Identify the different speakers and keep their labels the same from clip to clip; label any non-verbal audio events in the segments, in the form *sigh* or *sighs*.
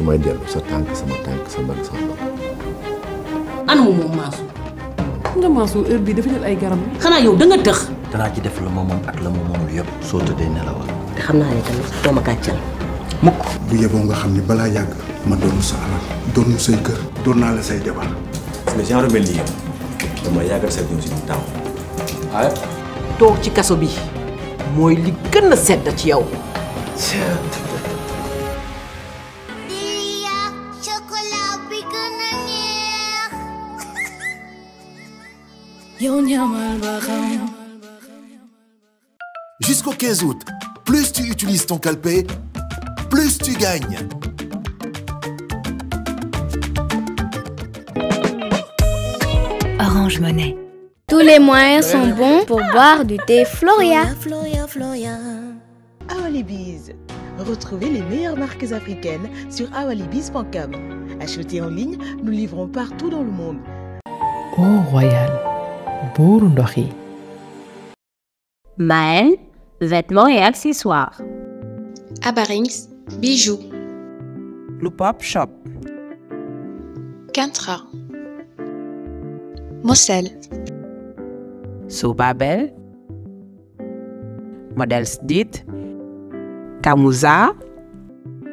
Speaker 1: su may dellu sa tànk sama tànk sa mbagg sama mbagg.
Speaker 2: ana mu moom Mansour. nga Mansour heure dafa jël ay garab. xanaa yow da tëx.
Speaker 1: danaa ci def la ma moom ak la ma moomul
Speaker 3: yëpp. soo tëddee nelawal. te xam naa ne tamit doo ma gàccal. mukk bu yeboo nga xam ne balaa
Speaker 1: yàgg. ma doonu sa alal doonu say kër.
Speaker 4: doon naa la say jabar.
Speaker 1: parce que genre mel ah.
Speaker 4: toog ci kaso bi mooy li gën a sedd ci yow.
Speaker 3: Jusqu'au 15 août, plus tu utilises ton calpé, plus tu gagnes.
Speaker 5: Orange Monnaie. Tous les moyens sont bons pour boire du thé Floria.
Speaker 4: Floria, Floria, Awalibiz. Retrouvez les meilleures marques africaines sur awalibiz.com. Achetez en ligne, nous livrons partout dans le monde.
Speaker 2: Au Royal pour
Speaker 5: vêtements et accessoires Abarings bijoux pop Shop Kantra Mosel
Speaker 4: Soubabel Models Dit Kamusa.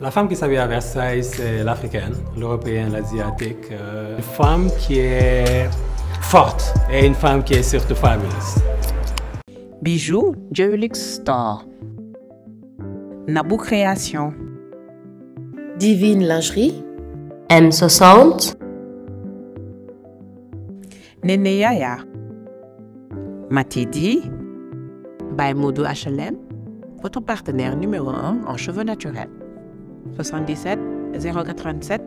Speaker 4: la femme qui s'habille à Versailles,
Speaker 3: c'est l'africaine, l'européenne, l'asiatique. Euh, une femme qui est
Speaker 4: forte et une femme qui est surtout fabuleuse. Bijoux, Jewelix Store. Nabou Création. Divine
Speaker 6: Lingerie. M60.
Speaker 4: Nene Yaya. Matidi. By HLM. Votre partenaire numéro 1 en cheveux naturels. 77 087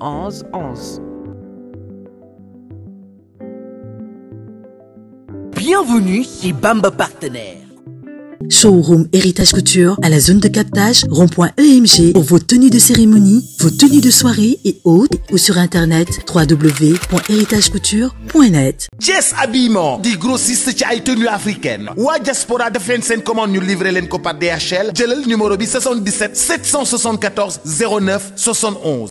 Speaker 4: 11 11.
Speaker 6: Bienvenue chez Bamba Partenaire.
Speaker 5: Showroom Héritage Couture à la zone de captage rond.emg pour vos tenues de cérémonie, vos tenues de soirée et autres ou sur internet www.héritagecouture.net.
Speaker 3: Jess Habillement, des grossiste ci tenues africaines. à diaspora de de Finsen, commande nous livrer leen DHL. J'ai DHL. numéro quatorze 774 09 71.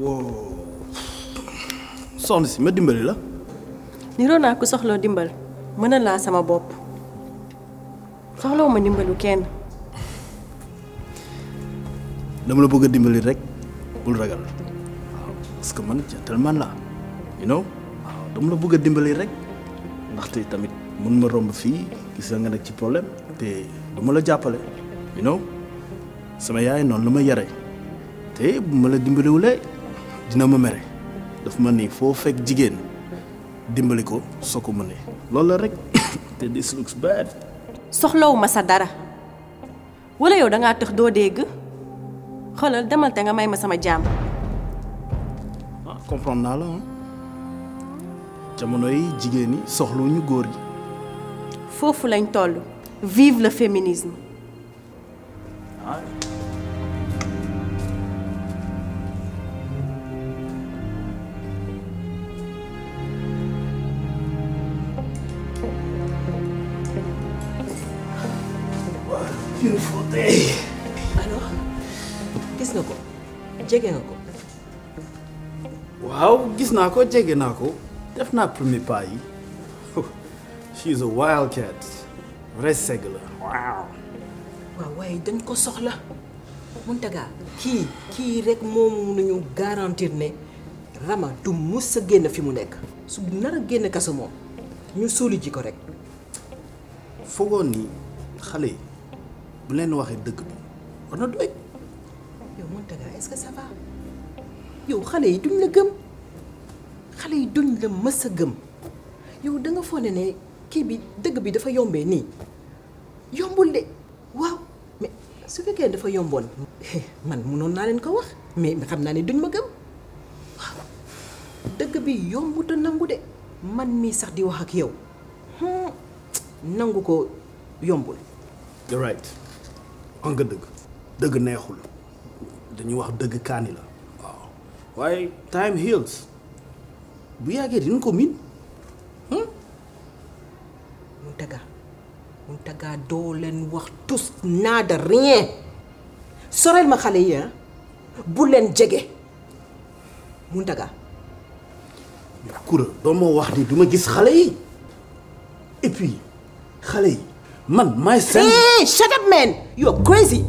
Speaker 3: wow soxna si ma dimbali la
Speaker 5: niroo naa ku soxloo dimbal mën laa sama bopp soxloo ma dimbalu kenn
Speaker 3: dama la bëgg a dimbali rek bul ragal parce que man gentleman la you know waaw dama la bëgg a dimbali rek ndaxte tamit mun ma romb fii gis nga nag ci problème te duma la jàppale you know sama yaay noonu la ma yare te bu ma la dimbaliwulee dina ma mere daf ma ni foo fekk jigéen dimbali ko soo ko mënee loolu la rek *coughs* te this looks bad.
Speaker 5: soxlawu ma sa dara wala yow dangaa tax doo dégg xoolal demalte nga may ma sama jàmm.
Speaker 3: ah comprendre naa la ah jamono yi jigéen ñi soxlawuñu góor gi.
Speaker 5: foofu lañ toll vive le féminisme.
Speaker 2: Ah.
Speaker 4: alors gis na ko jege nga ko.
Speaker 3: waaw gis naa ko jege naa ko def naa premier pas yi she is a wild cat vrai segg la
Speaker 4: waaw. waaye dañ ko soxla Mountaga kii kii rek moom mënuñu garantir ne Rama du mus a génn fi mu nekk su nar a génn kaso moom ñu suuli ji ko rek. foogoon ni xale bu len waxe deug bi warna doy. yow Mountaga est-ce que ça va yow xale yi duñ la gëm xale yi duñ la mës a gëm yow da nga fone ne ki bi deug bi dafa yombé ni yombul de waaw mais su fekkee dafa yomboon. man mënoon naa leen ko wax mais xam naa ne duñ ma gëm waaw dëgg bi yombu a nangu de man mi sax di wax ak yow
Speaker 3: nangu ko yombul. you're right. wax nga dëgg dëgg neexul dañuy wax dëgg kaani la waaw waaye time heals bu yàggee dina ko miin hmm?
Speaker 4: mun tagga mun tagga doo leen wax tous naada rien soreel ma xale yi ah. bu leen jege mun tagga
Speaker 3: kura doo ma wax ni du ma gis xale
Speaker 4: yi et puis xale yi Man, my son... Hey, hey, hey, shut up man! You are crazy!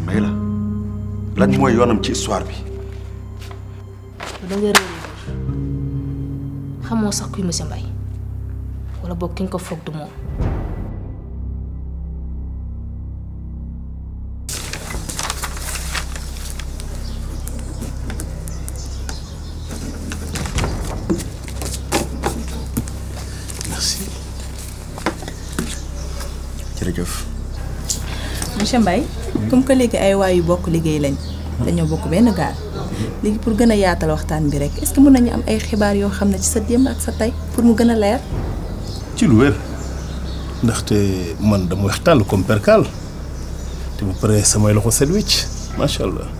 Speaker 1: may la lan mooy yoonam ci histoire bi.
Speaker 6: da nga réer xamoo sax kuy monsieur Mbaye wala boog ki nga ko foog du moom. comme que léegi ay waay yu bokk liggéey lañ. dañoo bokk benn gaal. léegi pour gën a yaatal waxtaan bi rek est-ce que mën nañu am ay xibaar yoo xam ne ci sa démb ak sa tey pour mu gën a leer.
Speaker 3: ci lu wér ndaxte man dama weex comme percal te bu paree samay loxo set wecc macha allah.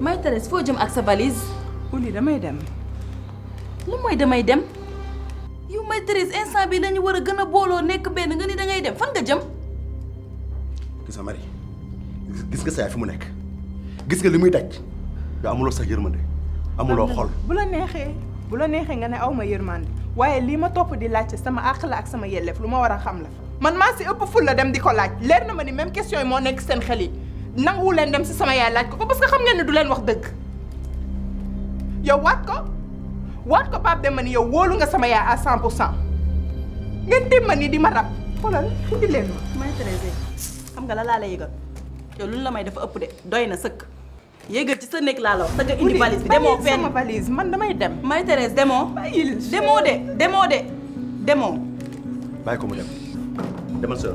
Speaker 6: may Thérèse foo jëm ak sa valise. Ouli damay dem. lu mooy damay dem. yow may Thérèse instant bi lañu war a gën a booloo nekk benn nga ni dangay dem fan nga jëm. gis nga
Speaker 1: Marie gis nga sa yaay fi mu nekk gis nga li muy daj yow amuloo sax yërmande amuloo xol.
Speaker 6: bu la neexee bu la neexee nga ne aw ma yërmande waaye lii ma topp di laajte sama àq la ak sama yelleef lu ma war a xam la. man maa si ëpp ful dem di ko laaj leer na ma ni même question yi moo nekk seen xel yi. Nang leen dem si sama yaay laaj ko ko parce que xam ngeen ne du leen wax dëgg yow waat ko waat ko Pape Demba ni yow wóolu nga sama yaay à 100 ngeen di ma rab xoolal indi leen ma. may Thérèse xam nga la laa la yëgal yow lu la may dafa ëpp de doy na sëkk yëgal ci sa nekk laa la wax sa nga indi valise bi demo fenn sama valise man damay dem. may de de
Speaker 1: ko mu dem. demal sa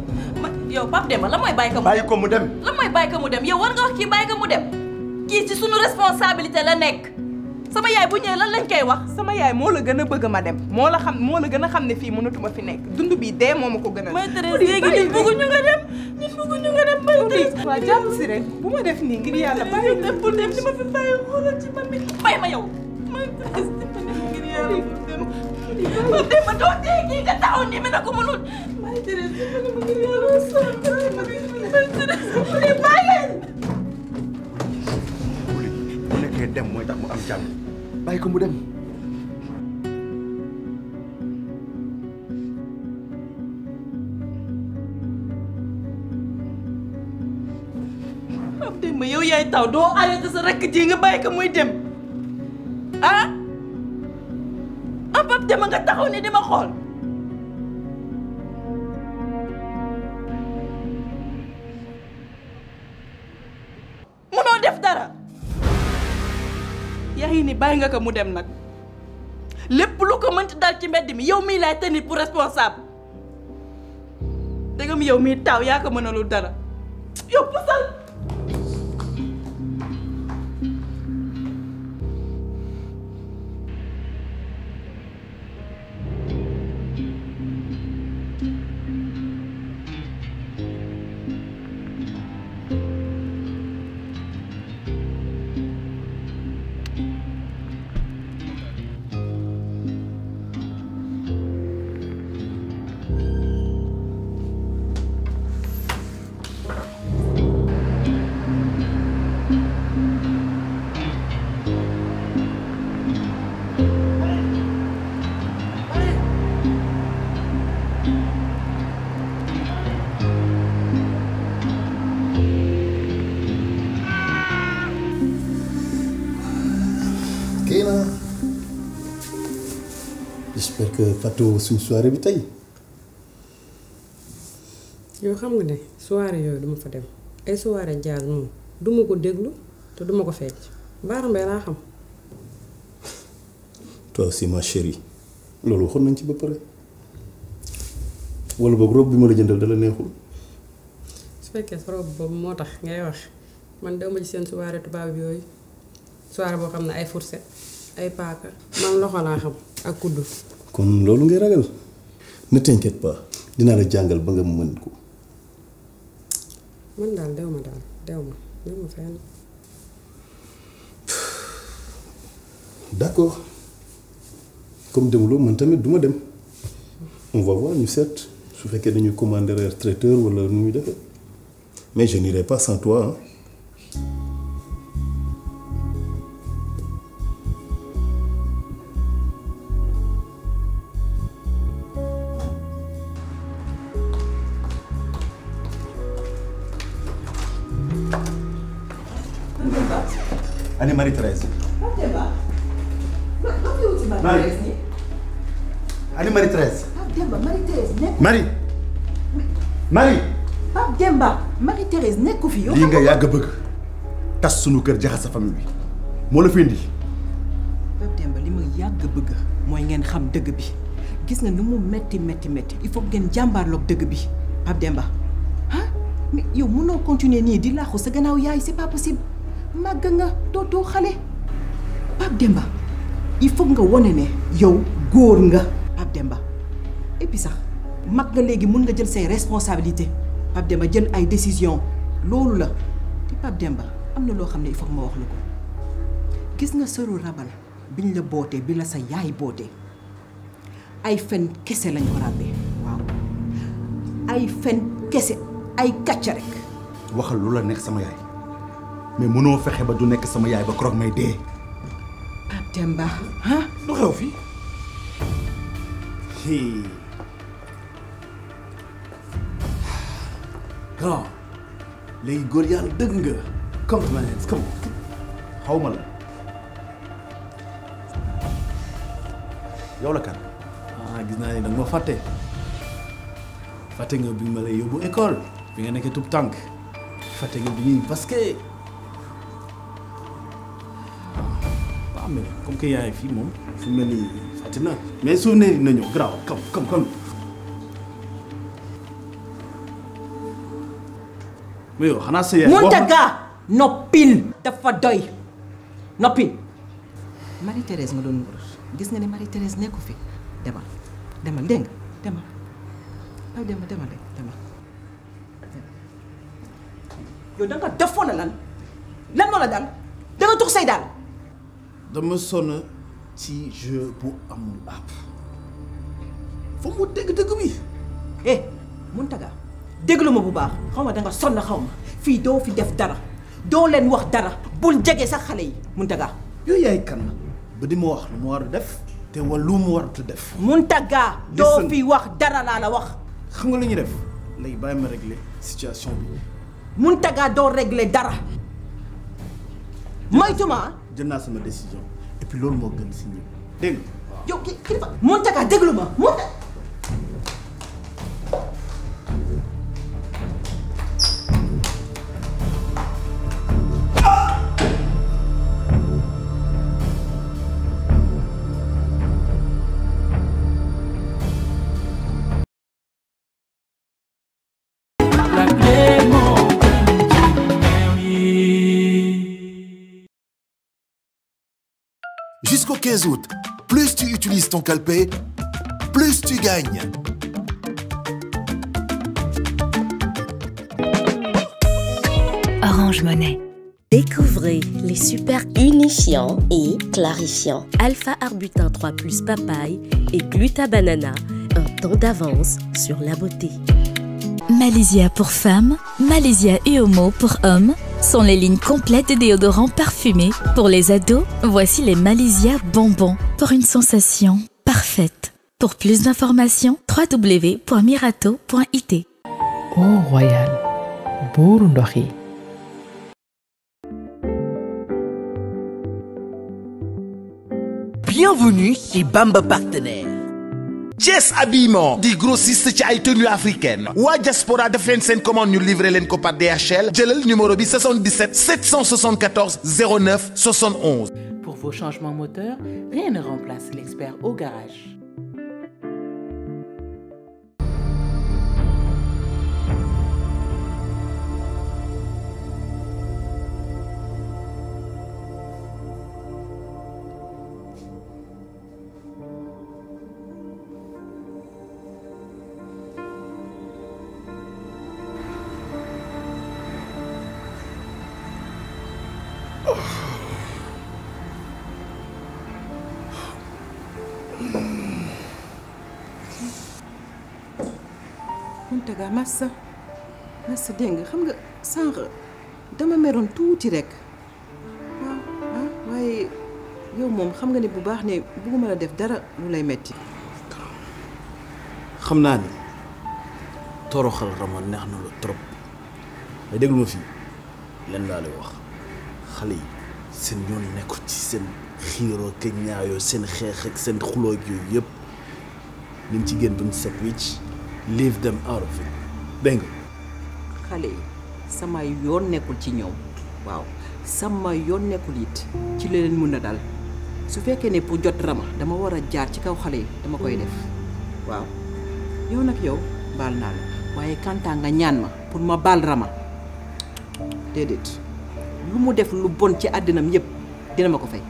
Speaker 6: yow Pape Demba lan mooy bàyyi ko mu dem bàyyi ko mu dem. lan mooy bàyyi ko mu dem yow war nga wax kii bàyyi ko mu dem kii ci sunu responsabilité la nekk sama yaay bu ñëwee lan lañ koy wax. sama yaay moo la gën a bëgg ma dem moo la xam moo la gën a xam ne fii mënatuma fi nekk dund bii dee moo ma ko gën a. mooy Thérèse léegi ñun bëgguñu nga dem ñun bëgguñu nga dem mooy Thérèse. jàpp si rek bu ma def nii ngir yàlla bàyyi dem bu dem ci ma fi bàyyi xoolal ci ma Putri mendote iki menut. Baik kamu dem. Abdi mayau yai tahu doa yang terserah kejinga baik kamu idem. Ah? Pape Demba nga taxaw ni di ma xool. mënoo def dara. yaay ni bàyyi nga ko mu dem nag lépp lu ko mënti dal ci mbedd mi yow mii laay tenir pour responsable dëggam yow mii taaw yaa ko mënalul dara yow pusal.
Speaker 3: fàttewoo suñ soirée bi
Speaker 6: tey.
Speaker 2: yow xam nga ne soirée yooyu duma fa dem
Speaker 6: ay soirée jazz moom duma ko déglu te duma ko fecc Baara Mbaye laa xam.
Speaker 3: toi aussi ma loolu waxoon nañ ci ba pare
Speaker 1: wala boog robe bi ma la jëndal dala neexul.
Speaker 2: su fekkee sa robe boobu moo tax ngay wax man dama ci seen soirée tubaab yooyu soirée boo xam ne ay fourchette ay paaka man loxo laa xam ak kuddu.
Speaker 3: kon loolu ngay ragal ne t'inquiète pas dina la jàngal ba nga mën ko.
Speaker 2: man
Speaker 5: daal dew ma daal dew ma dew ma fenn.
Speaker 3: *sighs* d'accord comme demuloo man tamit du ma dem on va voir ñu seet su fekkee dañuy commander traiteur wala nu muy defee mais je n'irai pas sans toi hein.
Speaker 4: ko fi yow nga
Speaker 1: yàgg bëgg tas suñu kër jaxas sa famille bi moo la fi indi.
Speaker 4: Pape Demba li ma yàgg bëgg mooy ngeen xam dëgg bi gis nga nu mu metti metti metti il faut ngeen jàmbaarloog dëgg bi Pape Demba ah mais yow mënoo continuer nii di laaxu sa gannaaw yaay si pas possible màgg nga dootoo xale Pape Demba il faut nga wone ne yow góor nga Pape Demba et sax mag nga léegi mun nga jël say responsabilités Pape Demba jël ay décisions. loolu la te Pape Demba am na loo xam ne il faut ma wax la ko gis nga sëru rabal biñ la bootee bi la sa yaay bootee ay fen kese lañ ràbbee waaw ay fen kese ay kàcca rek.
Speaker 1: waxal lu la neex sama yaay mais mënoo fexe ba du nekk sama yaay ba keroog may dee.
Speaker 4: Pape Demba ah. lu xew fii.
Speaker 3: léegi góor yàlla dëgg nga comme ma leen comme la yow la kan ah gis naa ni danga ma fàtte fàtte nga bi ma lay yóbbu école bi nga nekkee tub tànk fàtte nga bi ñuy basket waaw mais comme que fii moom fu mu ne fàtte na mais soo yi na ñëw garaaw kam kam
Speaker 4: pile noppil dafa non pile. Marie Thérèse nga doon wër nga que Marie Thérèse n'est fi là. demain, demain. ay demain, de you yow lan la dal da nga say dal dama sonne ci jeu bu eh Muntaga déglu ma bu baax xaw ma danga sonn xaw ma fii doo fi def dara doo leen wax dara bul jege sax xale yi Mountaga. yooyu yaay kan ba di ma wax lu mu war def te wala lu mu warut a def. Mountaga doo fi wax dara laa la wax. xam nga lu ñuy def léegi bàyyi ma régler situation bi. Mountaga doo régler dara. moytuma jël naa sama décision
Speaker 3: et puis loolu moo gën si ñëpp
Speaker 4: dégg nga. kilifa Mountaga déglu ma
Speaker 3: 15 août. Plus tu utilises ton calpé, plus tu gagnes.
Speaker 5: Orange Monnaie. Découvrez les super unifiants et clarifiants. Alpha arbutin 3 plus papaye et gluta banana, un temps d'avance sur la beauté. Malaysia pour femmes, Malaysia et homo pour hommes, sont les lignes complètes de déodorants parfumés. Pour les ados, voici les Malaysia bonbons pour une sensation parfaite. Pour plus d'informations, www.mirato.it.
Speaker 2: Oh Royal, Burundari.
Speaker 6: Bienvenue chez Bamba Partenaire Jess habillement
Speaker 3: du grossiste ci tenue africaine. Ou à diaspora de 25 commandes nous ñu livré leen par DHL numéro 77 774 09 71.
Speaker 4: Pour vos changements moteurs, rien ne remplace l'expert au garage. Mountaga Massa Massa dégg nga xam nga sànq dama meroon tuuti rek waaw ah waaye yow moom xam nga ne bu baax ne bugguma la def dara lu lay metti
Speaker 3: xam naa ni toroxal Rama neex na la trop mais déglu ma fii lenn laa lay wax xale yi seen yoon nekkul ci seen xiiroo ak ñaayoo seen xeex ak seen xuloo ak yooyu yëpp nañ ci génn ba mu set wecc leave
Speaker 4: xale yi sama yoon nekkul ci ñoom waaw sama yoon nekkul it ci la leen mën a dal su fekkee ne pour jot rama dama war a jaar ci kaw xale yi dama koy def waaw yow nag yow baal naa la waaye kantaa nga ñaan ma pour ma baal rama déedéet lu mu def lu bon ci àddinam yépp dina ma ko fay.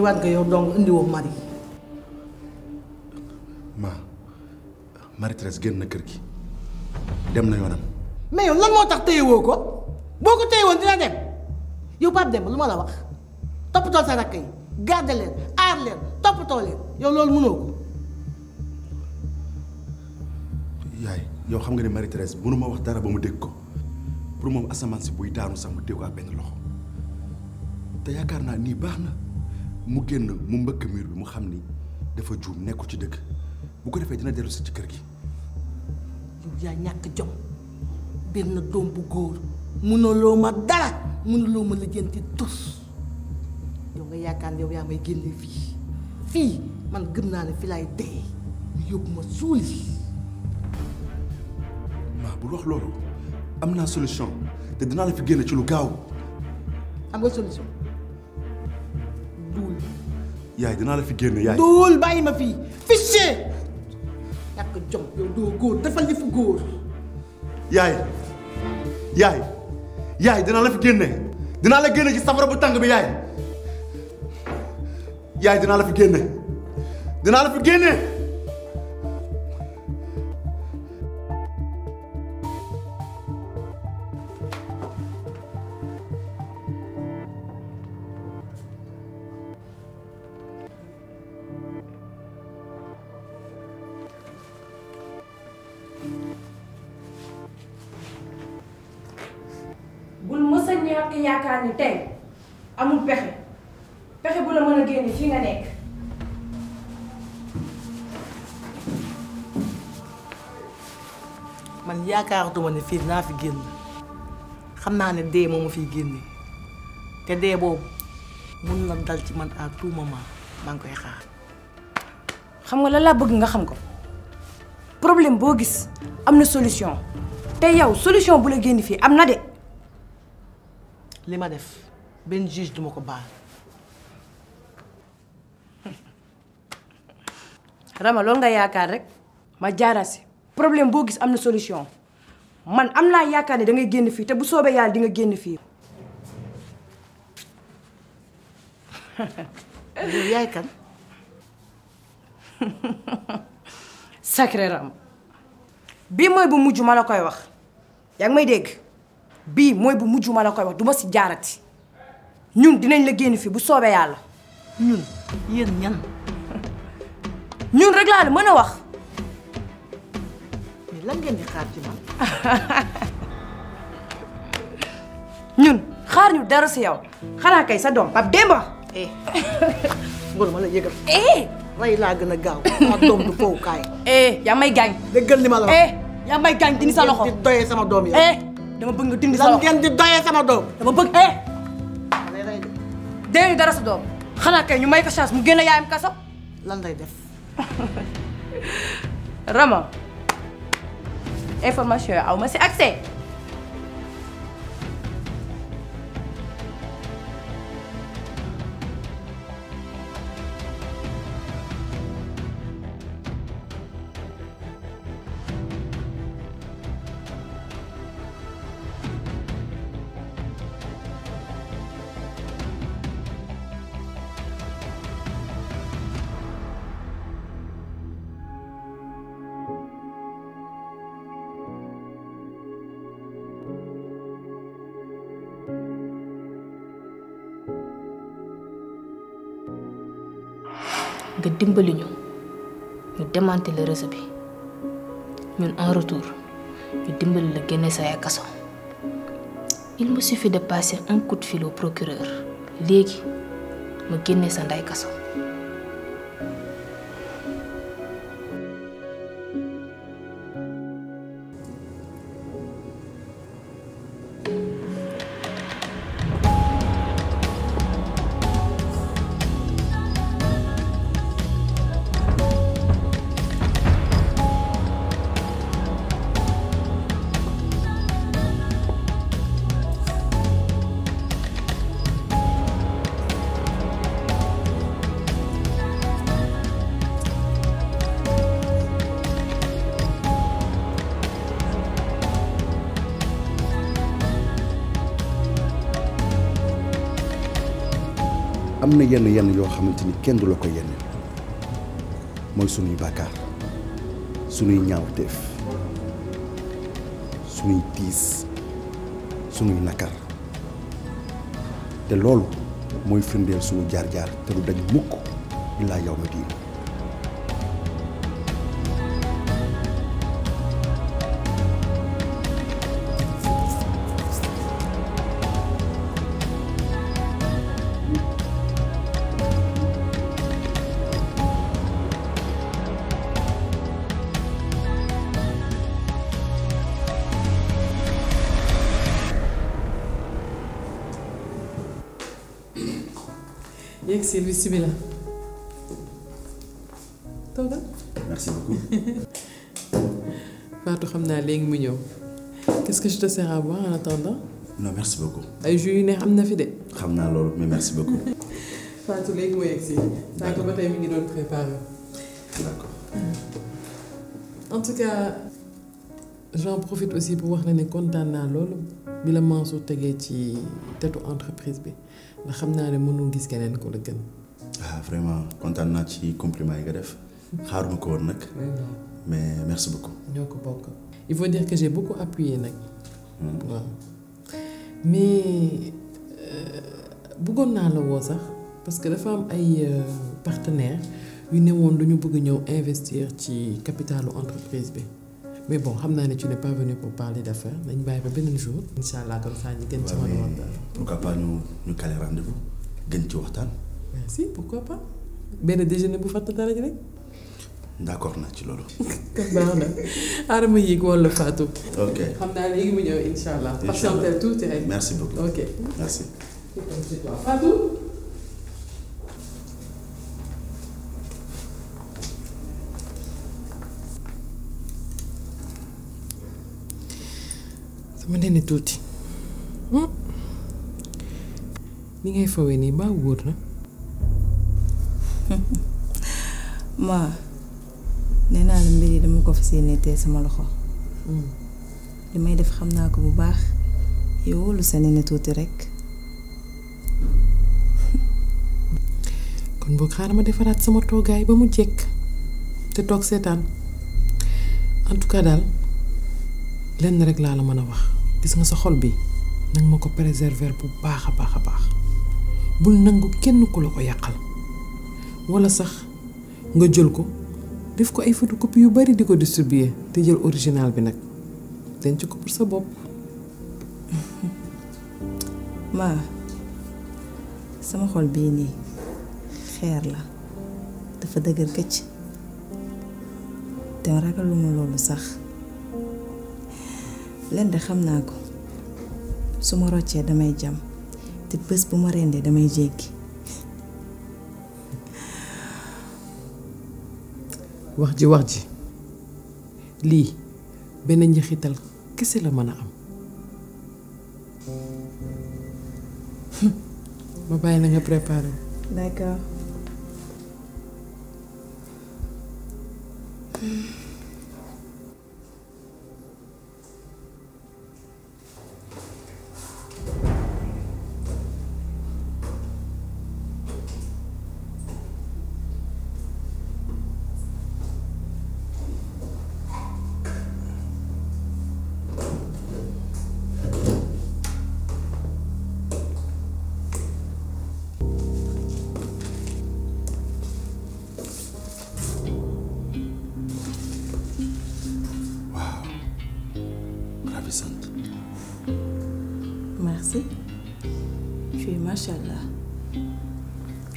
Speaker 4: ñëwaat nga yow dong indiwoo mari
Speaker 1: ma Marie Thérèse génn na kër gi dem na yoonam
Speaker 4: mais yow lan moo tax téyewoo ko boo ko téyewoon dina dem yow Pape dem, lu ma la wax toppatoo sa rakk yi garde leen aar leen toppatoo leen yow loolu mënoo ko
Speaker 1: yaay yow xam nga ne Marie Thérèse mënuma wax dara ba mu dégg ko pour moom asamaan si buy daanu sax mu dégg ak benn loxo te yaakaar naa nii baax na mu génn mu mbëkk mur bi mu xam ni dafa juum nekku ci dëkk bu ko defee dina dellu si ci kër gi
Speaker 4: yow yaa ñàkk jom benn doom bu góor mënuloo ma dara mënuloo ma lijjanti tus yow nga yaakaar yow yaa may génne fii fii man gën naa ne fi laay dee yóbbu ma suuli
Speaker 1: maa bul wax loolu am naa solution te dinaa la fi génne ci lu gaaw
Speaker 4: am nga solution duul.
Speaker 1: yaay dinaa la fi génne yaay.
Speaker 4: duul bàyyi ma fii fichier. ñàkk jom yow doo góor defal li fu góor.
Speaker 1: yaay yaay yaay dinaa la fi génne dinaa la génne ci safara bu tàng bi yaay yaay dinaa la fi génne dinaa la fi génne.
Speaker 4: yaakaarutuma ne fii naa fi génn xam naa ne dee moo ma fiy génne te dee boobu mun na dal ci man à tout moment maa ngi koy xaar.
Speaker 5: xam nga la laa bëgg nga xam ko problème boo gis am na solution te yow solution bu la génn fii am na de. li ma def benn juge duma ko baax Rama loolu nga yaakaar rek ma jaarasi problème boo gis am na solution. man am na yaakaar ne da ngay génn fii te bu soobee yàlla di nga génn fii. *laughs* yow yaay kan. *laughs* sacré ram bii mooy bu mujj ma la koy wax yaa ngi may dégg bii mooy bu mujj ma la koy wax du ma si jaarati ñun dinañ la génn fii bu soobee yàlla. ñun yéen ñan. *laughs* ñun rek laa la mën a wax. ni lan ngeen di xaar ci man. nous *laughs* xaar ñu dara si yow xanaa kay sa doom Pape Demba. eh Ngor ma la eh rey laa gën gaaw. sama du eh Je may gaañ. déggal li ma wax eh yaa may gaañ dindi sa loxo. di doyee sama doom eh dama bëgg nga dindi sa loxo Tu es di doyee sama eh. dee dara sa doom xanaa kay ñu may ko chance mu lan *laughs* Rama. information အောင်မစစ် access ah,
Speaker 6: dimbali ñu ñu démanteler le réseau bi ñun en retour ñu dimbali la génne sa kaso il me suffit de passer un coup de fil au procureur léegi ma génne sa ndey kaso
Speaker 1: yenn yenn yoo xamante ni kenn du la ko yenn mooy sunuy bàkkaar sunuy ñaawteef sunuy tiis sunuy nakar te loolu mooy firndeel sunu jaar-jaar te du dañ mukk illaa yow ma diin
Speaker 2: bismillah toogal merci beaucoup *laughs* Fatou xam naa léegi mu ñew. qu'est-ce que je te sers à boire en attendant
Speaker 1: non merci beaucoup
Speaker 2: ay jus yu neex am fi dé.
Speaker 1: Xamna naa mais merci beaucoup
Speaker 2: *laughs* Fatou léegi moo yegg si saa ko ba mi ngi doon d'accord hmm. en tout cas j'en profite aussi pour wax la ne kontaan naa loolu bi la mansou tégué ci tétu entreprise bi ndax xamna né mënu gis kenen ko la gën
Speaker 1: ah vraiment content de ci compliment yi nga def xaaruma ko woon mais merci beaucoup.
Speaker 2: Merci beaucoup..! il faut dire que j'ai beaucoup appuyé nag. Hmm. mais Je euh, naa la woo sax parce que dafa am ay euh, partenaires yu ne woon dañu bëgg ñëw investir ci capitalu entreprise mais bon xam sais que tu n'es pas venu pour parler d'affaires nañ bàyyi ba un jour. Inch'Allah comme ça ñu gën ci mën a waxtaan.
Speaker 1: pourquoi pas ñu ñu caler rendez-vous gën ci
Speaker 2: mais si pourquoi pas benn déjeuner bu fàtte dara ji rek. d'accord na ci loolu. *laughs* baax na aadama yéeg wala Fatou. ok xam naa léegi mu ñëw incha allah. incha allah tuuti rek. merci beaucoup ok merci. Fatou. sama nene tuuti. Hmm? ni ngay fawee nii baa wóor na.
Speaker 5: ma nee naa la mbir yi dama ko fas yéene tey sama loxo. Hmm. li may def xam naa ko bu baax yow wóolu sa nene tuuti rek. *laughs*
Speaker 2: kon boog xaaral ma defaraat sama toogaay ba mu jekk te toog seetaan en tout cas daal lenn rek laa la mën a wax gis nga sa xol bi nag ma ko préserver bu baax a baax a baax bul nangu kenn ku la ko yàqal walla sax. nga jël ko def ko ay photocopie yu bari di ko distribuer te jël original bi nag denc ko pour sa bopp *laughs* ma
Speaker 6: sama xol bii nii xeer la dafa
Speaker 5: dëgër këcc te ragaluma loolu sax len de xam naa ko su ma roccee damay jam te bés bu ma rendee damay jéggi
Speaker 2: wax ji wax ji lii benn njaxital kese la mën a am ma bàyyi la nga préparé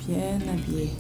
Speaker 6: Bien habillé.